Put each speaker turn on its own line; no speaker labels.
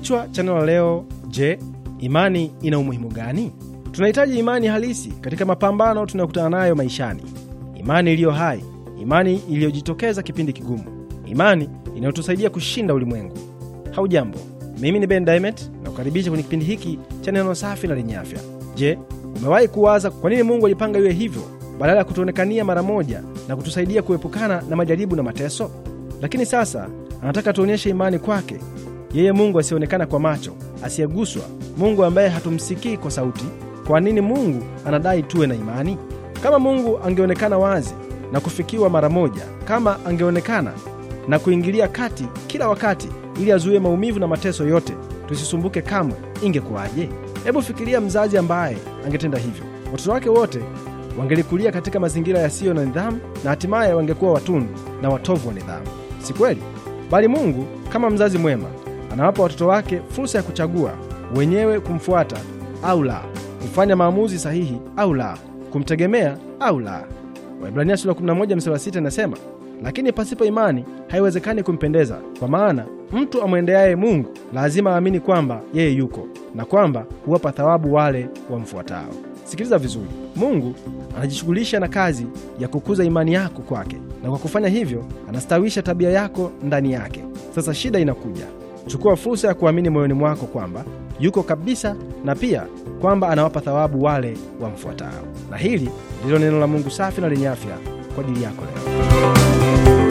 Kichwa cha neno la leo: Je, imani ina umuhimu gani? Tunahitaji imani halisi katika mapambano tunayokutana nayo maishani, imani iliyo hai, imani iliyojitokeza kipindi kigumu, imani inayotusaidia kushinda ulimwengu. Haujambo, mimi ni Ben Diamond na kukaribisha kwenye kipindi hiki cha neno safi na lenye afya. Je, umewahi kuwaza kwa nini Mungu alipanga iwe hivyo badala ya kutuonekania mara moja na kutusaidia kuepukana na majaribu na mateso? Lakini sasa anataka tuonyeshe imani kwake yeye Mungu asiyeonekana kwa macho, asiyeguswa, Mungu ambaye hatumsikii kwa sauti. Kwa nini Mungu anadai tuwe na imani? Kama Mungu angeonekana wazi na kufikiwa mara moja, kama angeonekana na kuingilia kati kila wakati ili azuie maumivu na mateso yote, tusisumbuke kamwe, ingekuwaje? Hebu fikiria mzazi ambaye angetenda hivyo. Watoto wake wote wangelikulia katika mazingira yasiyo na nidhamu na hatimaye wangekuwa watundu na watovu wa nidhamu, si kweli? Bali Mungu kama mzazi mwema anawapa watoto wake fursa ya kuchagua wenyewe kumfuata au la, kufanya maamuzi sahihi au la, kumtegemea au la. Waibrania sura 11 mstari 6 inasema, lakini pasipo imani haiwezekani kumpendeza, kwa maana mtu amwendeaye Mungu lazima aamini kwamba yeye yuko na kwamba huwapa thawabu wale wamfuatao. Sikiliza vizuri, Mungu anajishughulisha na kazi ya kukuza imani yako kwake, na kwa kufanya hivyo anastawisha tabia yako ndani yake. Sasa shida inakuja. Chukua fursa ya kuamini moyoni mwako kwamba yuko kabisa, na pia kwamba anawapa thawabu wale wamfuatao. Na hili ndilo neno la Mungu safi na lenye afya kwa ajili yako leo.